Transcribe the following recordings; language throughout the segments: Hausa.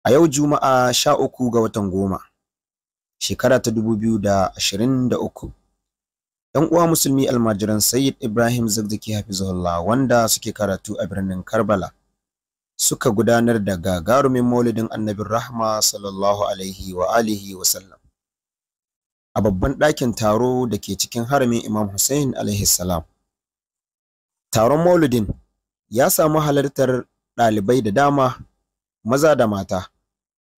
A yau Juma'a sha uku ga watan goma, shekara ta dubu biyu da ashirin da uku. ‘Yan uwa musulmi almajiran Sayyid Ibrahim Zabdaki Hafizullah wanda suke karatu a birnin Karbala suka gudanar da gagarumin maulidin annabin rahma sallallahu alaihi wa alihi wa sallam. a babban ɗakin taro da ke cikin haramin Imam Hussein alaihi salam. Taron Mauludin ya samu halartar ɗalibai da dama, maza da mata,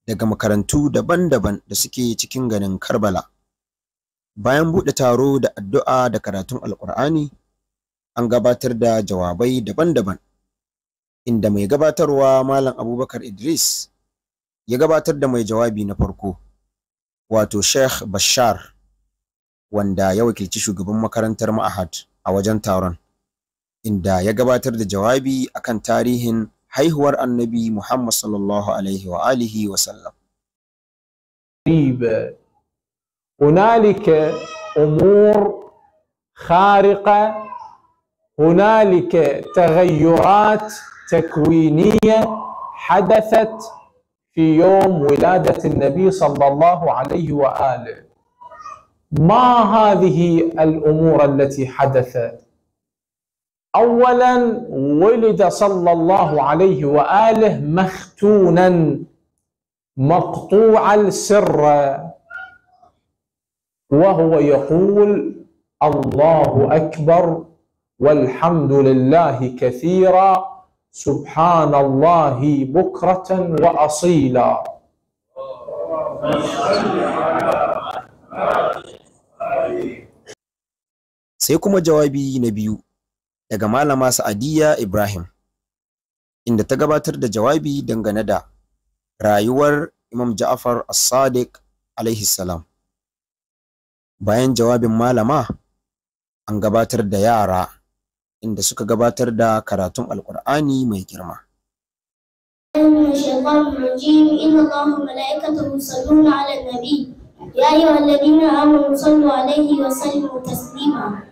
daga makarantu daban-daban da suke cikin ganin Karbala. Bayan buɗe taro da addu'a da karatun Alƙur'ani, an gabatar da jawabai daban-daban, inda mai gabatarwa Malam Abubakar Idris ya gabatar da mai jawabi na farko. wato Sheikh Bashar wanda ya wakilci shugaban makarantar Ma'ahad a wajen taron inda ya gabatar da jawabi akan tarihin haihuwar Annabi Muhammad sallallahu alaihi wa alihi wa sallam. hunalika umur khariqa هنالك تغيرات تكوينيه حدثت في يوم ولاده النبي صلى الله عليه واله ما هذه الامور التي حدثت اولا ولد صلى الله عليه واله مختونا مقطوع السر وهو يقول الله اكبر والحمد لله كثيرا سبحان الله بكره واصيلا sai kuma jawabi na biyu daga malama sa'adiyya ibrahim inda ta gabatar da jawabi dangane da rayuwar imam ja'far as-sadiq alaihi salam bayan jawabin malama an gabatar da yara inda suka gabatar da karatun alkur'ani mai girma يا أيها الذين آمنوا صلوا عليه وسلموا تسليما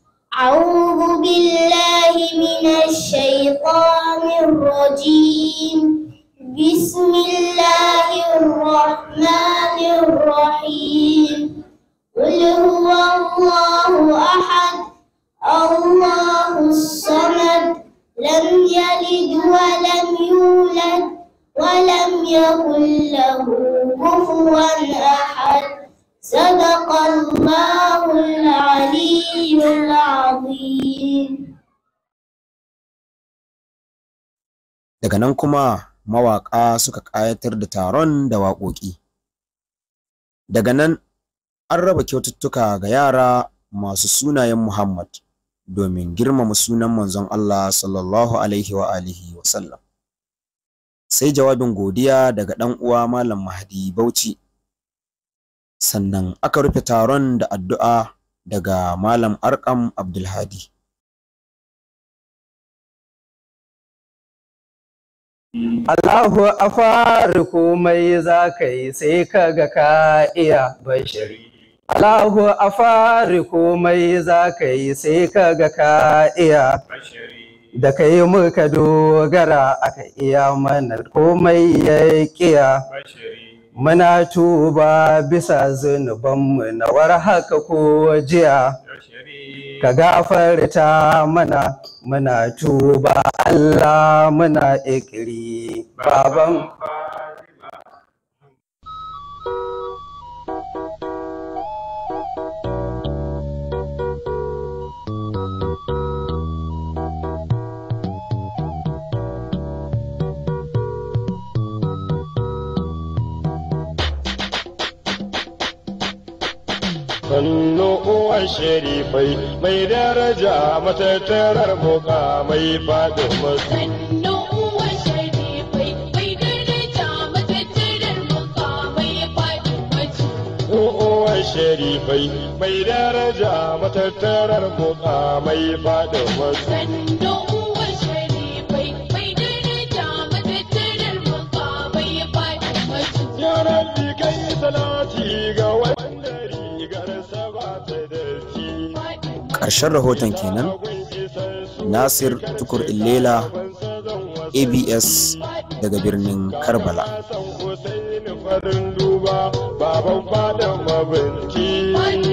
أعوذ بالله من الشيطان الرجيم بسم الله الرحمن الرحيم قل هو الله أحد الله الصمد لم يلد ولم يولد ولم يكن له كفوا أحد صدق الله العليم daga nan kuma mawaƙa suka ƙayatar da taron da waƙoƙi daga nan an raba kyaututtuka ga yara masu sunayen muhammad domin girmama sunan manzon allah sallallahu alaihi wa alihi wa sai jawabin godiya daga ɗan uwa malam mahdi bauchi sannan aka rufe taron da addu'a daga Malam Arkam Abdulhadi. Allahu a fara komai za ka yi sai ka ga ka iya bashiri. Allahu a fara komai za ka yi sai ka ga ka iya da ka yi muka dogara aka iya mana komai ya kiya. muna tuba bisa zunubanmu na warhaka haka ko jiya ka gafarta mana muna tuba Allah muna ikiri baban sallo uwan sharifai mai daraja matattarar muka mai faɗo masu sharifai mai daraja matattarar muka mai faɗin wasu. Ya rabbi kai salati ga wani. ƙarshen rahoton kenan nasir tukur illela abs daga birnin karbala baban fadan